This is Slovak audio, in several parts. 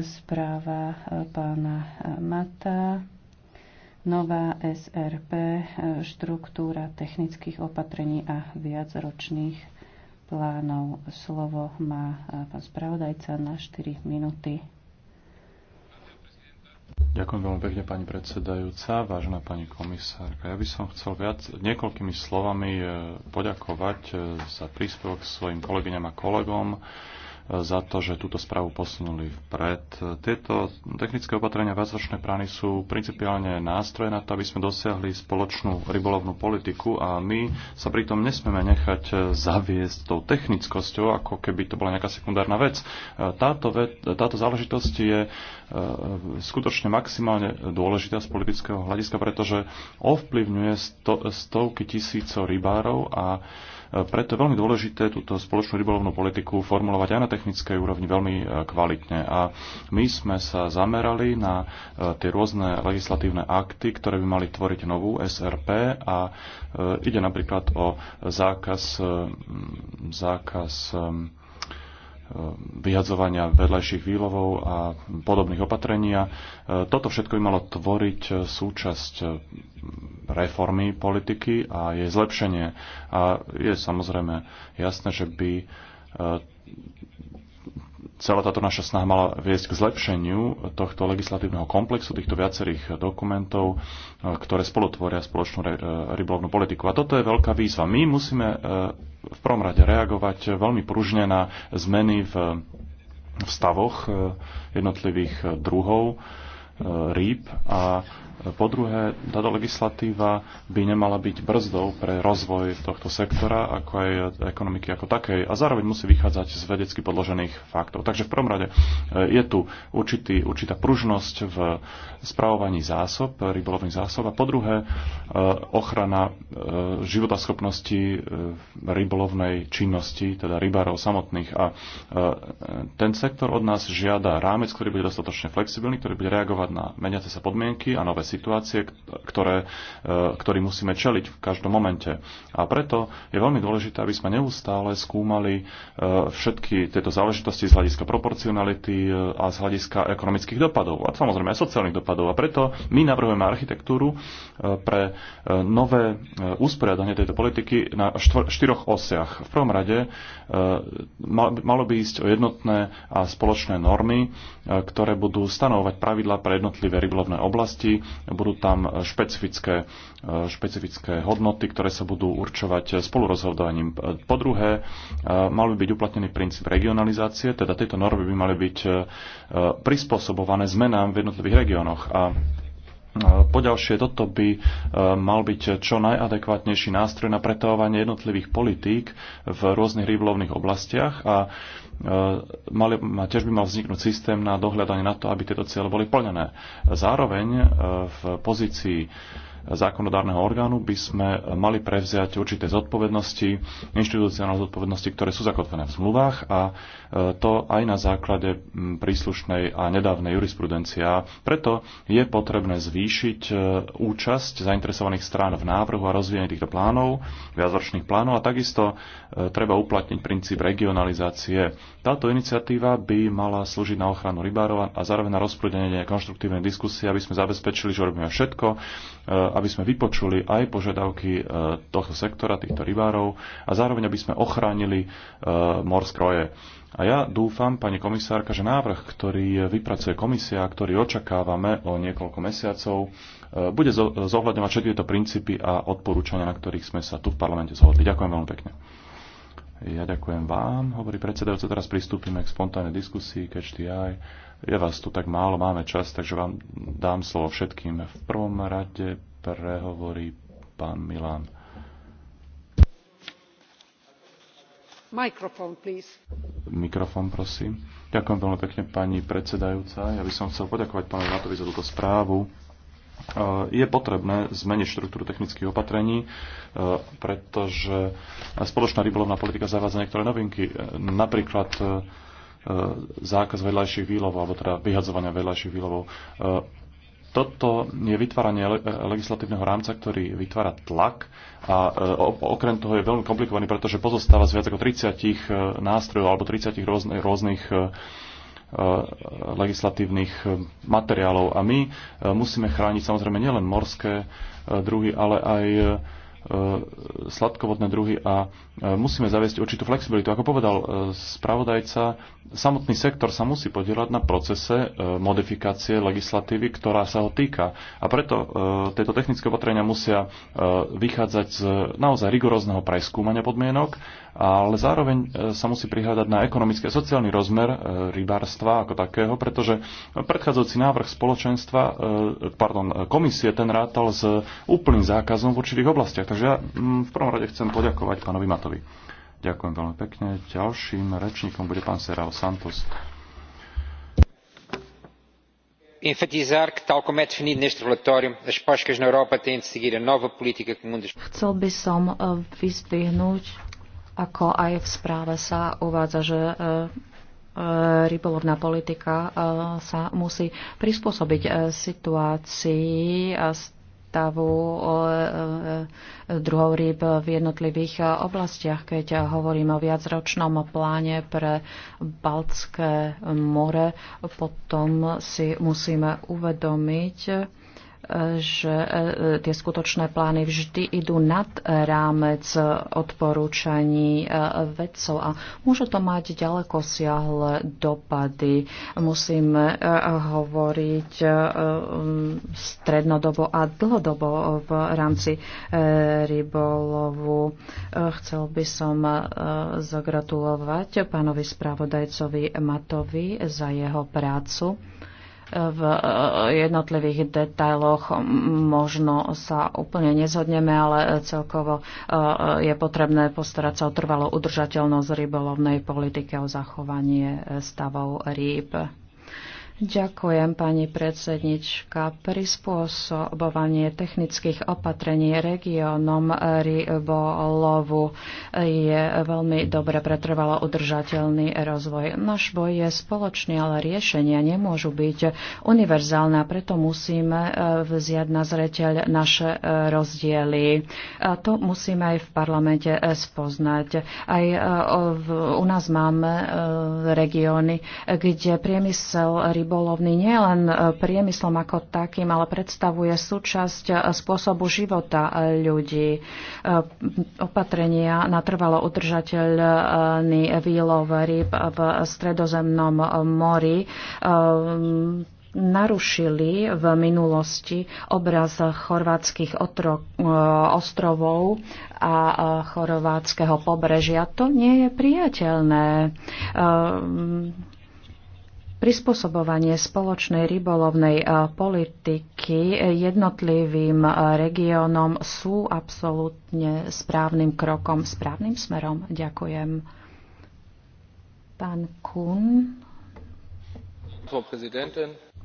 správa e, pána e, Mata, nová SRP, e, štruktúra technických opatrení a viacročných plánov. Slovo má pán spravodajca na 4 minúty. Ďakujem veľmi pekne, pani predsedajúca, Vážna pani komisárka. Ja by som chcel viac, niekoľkými slovami poďakovať za príspevok svojim kolegyňam a kolegom za to, že túto správu posunuli vpred. Tieto technické opatrenia viacročnej prány sú principiálne nástroje na to, aby sme dosiahli spoločnú rybolovnú politiku a my sa pritom nesmieme nechať zaviesť tou technickosťou, ako keby to bola nejaká sekundárna vec. Táto, vec, táto záležitosť je e, skutočne maximálne dôležitá z politického hľadiska, pretože ovplyvňuje sto, stovky tisícov rybárov a preto je veľmi dôležité túto spoločnú rybolovnú politiku formulovať aj na technickej úrovni veľmi e, kvalitne. A my sme sa zamerali na e, tie rôzne legislatívne akty, ktoré by mali tvoriť novú SRP a e, ide napríklad o zákaz, zákaz vyhadzovania vedľajších výlovov a podobných opatrenia. E, toto všetko by malo tvoriť e, súčasť e, reformy politiky a jej zlepšenie. A je samozrejme jasné, že by celá táto naša snaha mala viesť k zlepšeniu tohto legislatívneho komplexu, týchto viacerých dokumentov, e, ktoré spolu spoločnú e, rybolovnú politiku. A toto je veľká výzva. My musíme e, v prvom rade reagovať veľmi pružne na zmeny v stavoch jednotlivých druhov rýb a po druhé, táto legislatíva by nemala byť brzdou pre rozvoj tohto sektora, ako aj ekonomiky ako takej, a zároveň musí vychádzať z vedecky podložených faktov. Takže v prvom rade e, je tu určitý, určitá pružnosť v spravovaní zásob, rybolovných zásob, a po druhé, e, ochrana e, životaschopnosti rybolovnej činnosti, teda rybárov samotných. A ten sektor od nás žiada rámec, ktorý bude dostatočne flexibilný, ktorý bude reagovať na meniace sa podmienky a nové situácie, ktoré, e, ktorý musíme čeliť v každom momente. A preto je veľmi dôležité, aby sme neustále skúmali e, všetky tieto záležitosti z hľadiska proporcionality e, a z hľadiska ekonomických dopadov a samozrejme aj sociálnych dopadov. A preto my navrhujeme architektúru pre nové usporiadanie tejto politiky na štyroch osiach. V prvom rade malo by ísť o jednotné a spoločné normy, ktoré budú stanovať pravidla pre jednotlivé rybolovné oblasti, budú tam špecifické, e, špecifické hodnoty, ktoré sa budú určovať spolurozhodovaním. Po druhé, e, mal by byť uplatnený princíp regionalizácie, teda tieto normy by mali byť e, prispôsobované zmenám v jednotlivých regiónoch. A Poďalšie, toto by e, mal byť čo najadekvátnejší nástroj na pretávanie jednotlivých politík v rôznych ryblovných oblastiach a e, mali, tiež by mal vzniknúť systém na dohľadanie na to, aby tieto cieľe boli plnené. Zároveň e, v pozícii zákonodárneho orgánu by sme mali prevziať určité zodpovednosti, inštitucionálne zodpovednosti, ktoré sú zakotvené v zmluvách a e, to aj na základe príslušnej a nedávnej jurisprudencie. preto je potrebné zvýšiť e, účasť zainteresovaných strán v návrhu a rozvíjení týchto plánov, viacročných plánov a takisto e, treba uplatniť princíp regionalizácie. Táto iniciatíva by mala slúžiť na ochranu rybárov a zároveň na rozprúdenie konštruktívnej diskusie, aby sme zabezpečili, že robíme všetko, aby sme vypočuli aj požiadavky e, tohto sektora, týchto rybárov a zároveň, aby sme ochránili e, morskroje. A ja dúfam, pani komisárka, že návrh, ktorý vypracuje komisia, ktorý očakávame o niekoľko mesiacov, e, bude zohľadňovať všetky tieto princípy a odporúčania, na ktorých sme sa tu v parlamente zhodli. Ďakujem veľmi pekne. Ja ďakujem vám, hovorí predsedajúce. Teraz pristúpime k spontánnej diskusii, keď aj. Je vás tu tak málo, máme čas, takže vám dám slovo všetkým. V prvom rade prehovorí pán Milan. Mikrofón, Mikrofón, prosím. Ďakujem veľmi pekne, pani predsedajúca. Ja by som chcel poďakovať pánovi Vatovi za túto správu. Eh, je potrebné zmeniť štruktúru technických opatrení, eh, pretože spoločná rybolovná politika zavádza niektoré novinky. Eh, napríklad zákaz vedľajších výlovov, alebo teda vyhadzovania vedľajších výlovov. Toto je vytváranie legislatívneho rámca, ktorý vytvára tlak a e, okrem toho je veľmi komplikovaný, pretože pozostáva z viac ako 30 e, nástrojov alebo 30 rôznych, rôznych e, legislatívnych materiálov. A my musíme chrániť samozrejme nielen morské druhy, ale aj E, sladkovodné druhy a e, musíme zaviesť určitú flexibilitu. Ako povedal e, spravodajca, samotný sektor sa musí podielať na procese modifikácie legislatívy, ktorá sa ho týka. A preto tieto technické opatrenia musia vychádzať z naozaj rigorózneho preskúmania podmienok, ale zároveň sa musí prihľadať na ekonomický a sociálny rozmer rybárstva ako takého, pretože predchádzajúci návrh spoločenstva, pardon, komisie ten rátal s úplným zákazom v určitých oblastiach. Takže ja mm, v prvom rade chcem poďakovať pánovi Matovi. Ďakujem veľmi pekne. Ďalším rečníkom bude pán Serao Santos. Chcel by som eh, vyzvihnúť, ako aj v správe sa uvádza, že eh, eh, rybolovná politika sa musí prispôsobiť situácii a stavu druhou rýb v jednotlivých eh, oblastiach, keď eh, hovorím o viacročnom pláne pre Baltské more, potom si musíme uvedomiť, že e, tie skutočné plány vždy idú nad rámec odporúčaní e, vedcov a môže to mať ďaleko siahle dopady. Musíme hovoriť e, strednodobo a dlhodobo v rámci rybolovu. Chcel by som zagratulovať pánovi spravodajcovi Matovi za jeho prácu v e, jednotlivých detailoch možno sa úplne nezhodneme, ale celkovo e, e, je potrebné postarať sa o trvalú udržateľnosť rybolovnej politiky, o zachovanie stavov rýb. Ďakujem, pani predsednička. Prispôsobovanie technických opatrení regiónom rybolovu je veľmi dobre pretrvalo udržateľný rozvoj. Náš boj je spoločný, ale riešenia nemôžu byť univerzálne a preto musíme e, vziať na zreteľ naše e, rozdiely. A to musíme aj v parlamente e, spoznať. Aj u nás máme regióny, kde priemysel rybolovu rybolovný nielen e, priemyslom ako takým, ale predstavuje súčasť e, spôsobu života e, ľudí. Opatrenia na trvalo udržateľný výlov ryb v stredozemnom mori narušili v minulosti obraz chorvátskych otro, ostrovov a chorvátskeho pobrežia. To nie je priateľné Prispôsobovanie spoločnej rybolovnej e, politiky jednotlivým e, regiónom sú absolútne správnym krokom, správnym smerom. Ďakujem. Pán Kun.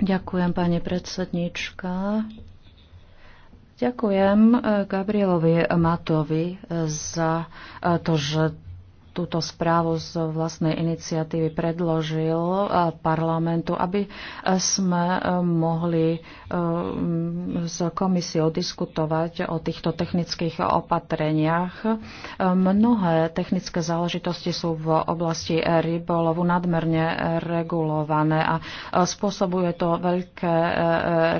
Ďakujem, pani predsednička. Ďakujem e, Gabrielovi Matovi za to, že túto správu z vlastnej iniciatívy predložil eh, parlamentu, aby eh, sme eh, mohli s komisiou diskutovať o týchto technických opatreniach. Mnohé technické záležitosti sú v oblasti rybolovu nadmerne regulované a spôsobuje to veľké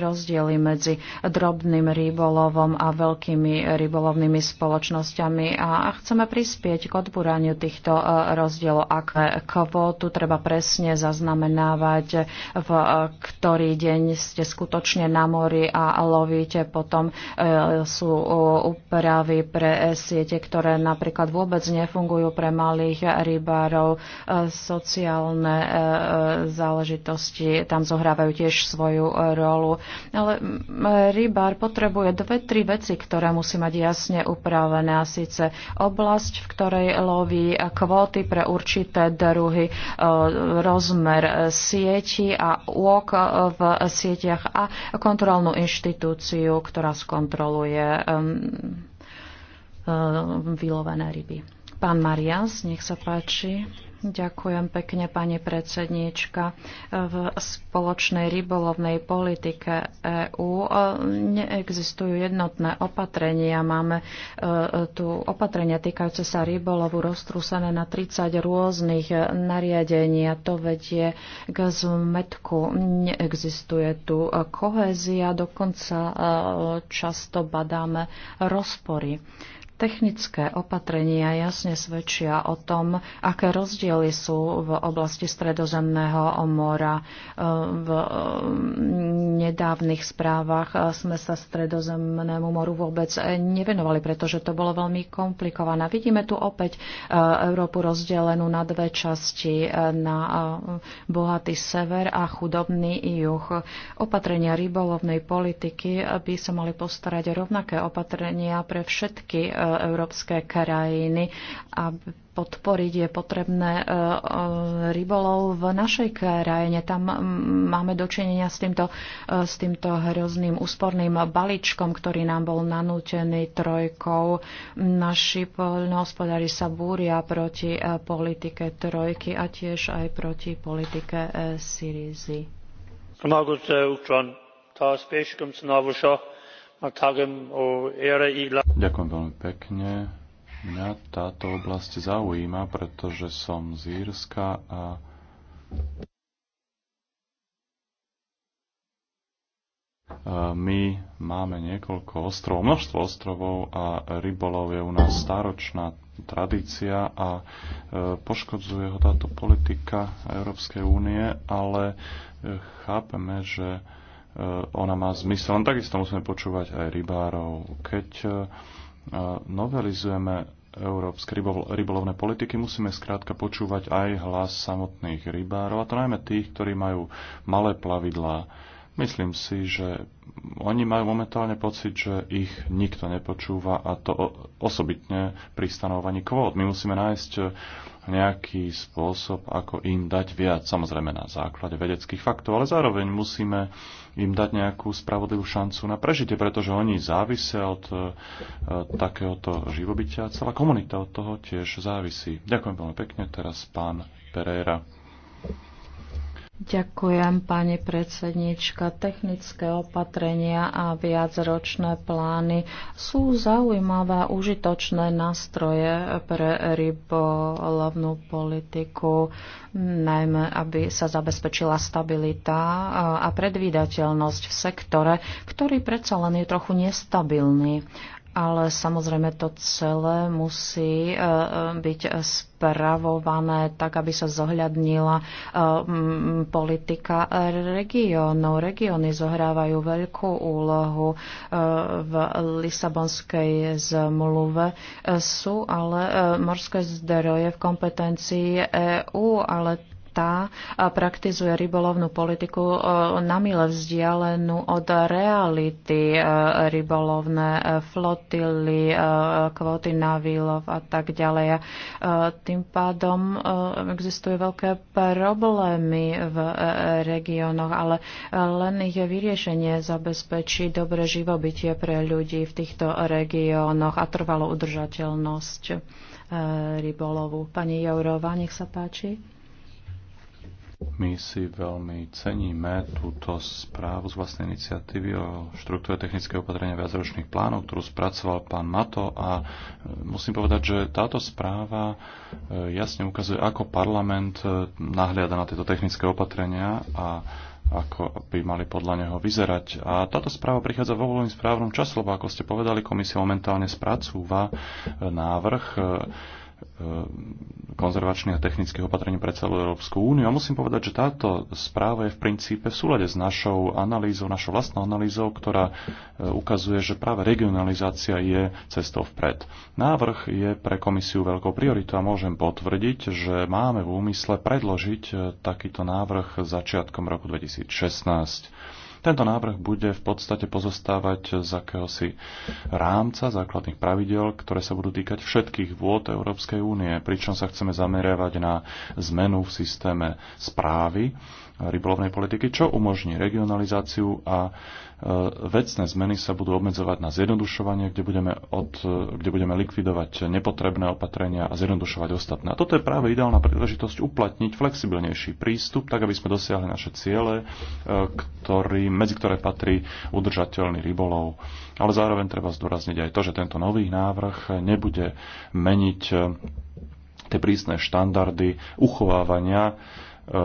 rozdiely medzi drobným rybolovom a veľkými rybolovnými spoločnosťami a chceme prispieť k odburaniu tých týchto e, rozdielov. Ak kvotu treba presne zaznamenávať, v e, ktorý deň ste skutočne na mori a lovíte. Potom e, sú úpravy pre siete, ktoré napríklad vôbec nefungujú pre malých rybárov. Sociálne záležitosti tam zohrávajú tiež svoju rolu. Ale rybár potrebuje dve, tri veci, ktoré musí mať jasne upravené. A síce oblasť, v ktorej loví, kvóty pre určité druhy, e, rozmer sieti a úok e, v sieťach a kontrolnú inštitúciu, ktorá skontroluje e, vylovené ryby. Pán Marias, nech sa páči. Ďakujem pekne, pani predsedníčka. V spoločnej rybolovnej politike EÚ e, neexistujú jednotné opatrenia. Máme e, tu opatrenia týkajúce sa rybolovu roztrúsené na 30 rôznych nariadení a to vedie k zmetku. Neexistuje tu kohézia, dokonca e, často badáme rozpory. Technické opatrenia jasne svedčia o tom, aké rozdiely sú v oblasti Stredozemného mora. E, v e, nedávnych správach sme sa Stredozemnému moru vôbec nevenovali, pretože to bolo veľmi komplikované. Vidíme tu opäť e, Európu rozdelenú na dve časti, na bohatý sever a chudobný juh. Opatrenia rybolovnej politiky by sa mali postarať rovnaké opatrenia pre všetky európske krajiny. A podporiť je potrebné e, e, rybolov v našej krajine. Tam máme dočinenia s týmto, e, s týmto hrozným úsporným balíčkom, ktorý nám bol nanútený trojkou. Naši poľnohospodári sa búria proti politike trojky a tiež aj proti politike Syrizy. Pomáhajte, Uchron, tá spieškom sa Ďakujem veľmi pekne. Mňa táto oblasť zaujíma, pretože som z Írska a my máme niekoľko ostrovov, množstvo ostrovov a rybolov je u nás staročná tradícia a e, poškodzuje ho táto politika Európskej únie, ale e, chápeme, že Eh, ona má zmysel. No, takisto musíme počúvať aj rybárov. Keď eh, novelizujeme európske rybolovné politiky, musíme skrátka počúvať aj hlas samotných rybárov, a to najmä tých, ktorí majú malé plavidlá Myslím si, že oni majú momentálne pocit, že ich nikto nepočúva a to osobitne pri stanovaní kvót. My musíme nájsť nejaký spôsob, ako im dať viac, samozrejme na základe vedeckých faktov, ale zároveň musíme im dať nejakú spravodlivú šancu na prežitie, pretože oni závisia od e, takéhoto živobytia a celá komunita od toho tiež závisí. Ďakujem veľmi pekne, teraz pán Pereira. Ďakujem, pani predsednička. Technické opatrenia a viacročné plány sú zaujímavé, užitočné nástroje pre rybolovnú politiku, najmä aby sa zabezpečila stabilita a predvídateľnosť v sektore, ktorý predsa len je trochu nestabilný ale samozrejme to celé musí e, e, byť spravované tak, aby sa zohľadnila e, politika regionov. Regióny zohrávajú veľkú úlohu v Lisabonskej zmluve. Sú ale morské zdroje v kompetencii EÚ, ale tá e, praktizuje rybolovnú politiku e, na mile vzdialenú od reality e, rybolovné flotily, kvóty na výlov a tak ďalej. Tým pádom existujú veľké problémy v regiónoch, ale len ich vyriešenie zabezpečí dobre živobytie pre ľudí v týchto regiónoch a trvalú udržateľnosť rybolovu. Pani Jourová, nech sa páči. My si veľmi ceníme túto správu z vlastnej iniciatívy o štruktúre technického opatrenia viacročných plánov, ktorú spracoval pán Mato a e, musím povedať, že táto správa e, jasne ukazuje, ako parlament e, nahliada na tieto technické opatrenia a ako by mali podľa neho vyzerať. A táto správa prichádza vo voľným správnom času, lebo ako ste povedali, komisia momentálne spracúva návrh Eh, konzervačných a technických opatrení pre celú Európsku úniu. A musím povedať, že táto správa je v princípe v súlade s našou analýzou, našou vlastnou analýzou, ktorá eh, ukazuje, že práve regionalizácia je cestou vpred. Návrh je pre komisiu veľkou prioritou a môžem potvrdiť, že máme v úmysle predložiť eh, takýto návrh začiatkom roku 2016. Tento návrh bude v podstate pozostávať z akéhosi rámca základných pravidel, ktoré sa budú týkať všetkých vôd Európskej únie, pričom sa chceme zameriavať na zmenu v systéme správy rybolovnej politiky, čo umožní regionalizáciu a e, vecné zmeny sa budú obmedzovať na zjednodušovanie, kde budeme, od, kde budeme likvidovať nepotrebné opatrenia a zjednodušovať ostatné. A toto je práve ideálna príležitosť uplatniť flexibilnejší prístup, tak aby sme dosiahli naše ciele, e, ktorý, medzi ktoré patrí udržateľný rybolov. Ale zároveň treba zdôrazniť aj to, že tento nový návrh nebude meniť e, tie prísne štandardy uchovávania Eh,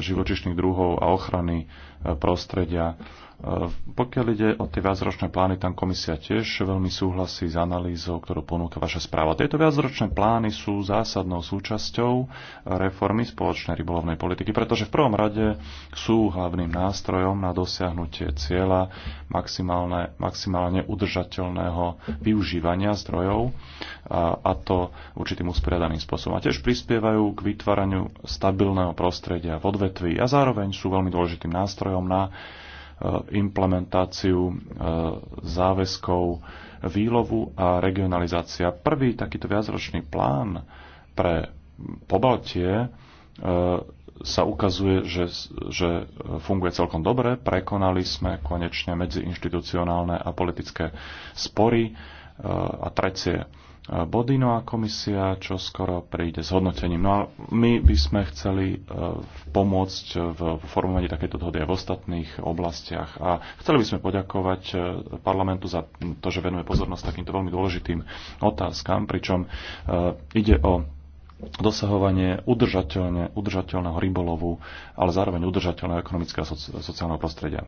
živočišných druhov a ochrany prostredia. E, pokiaľ ide o tie viacročné plány, tam komisia tiež veľmi súhlasí s analýzou, ktorú ponúka vaša správa. Tieto viacročné plány sú zásadnou súčasťou reformy spoločnej rybolovnej politiky, pretože v prvom rade sú hlavným nástrojom na dosiahnutie cieľa maximálne, maximálne udržateľného využívania zdrojov a, a to určitým usporiadaným spôsobom. A tiež prispievajú k vytváraniu stabilného prostredia v odvetví a zároveň sú veľmi dôležitým nástrojom nástrojom na e, implementáciu e, záväzkov výlovu a regionalizácia. Prvý takýto viacročný plán pre Pobaltie e, sa ukazuje, že, že funguje celkom dobre. Prekonali sme konečne medziinštitucionálne a politické spory a trecie body, no a komisia čo skoro príde s hodnotením. No a my by sme chceli e, pomôcť v formovaní takéto dohody aj v ostatných oblastiach. A chceli by sme poďakovať e, parlamentu za to, že venuje pozornosť takýmto veľmi dôležitým otázkam, pričom e, ide o dosahovanie udržateľného rybolovu, ale zároveň udržateľného ekonomického a sociálneho prostredia.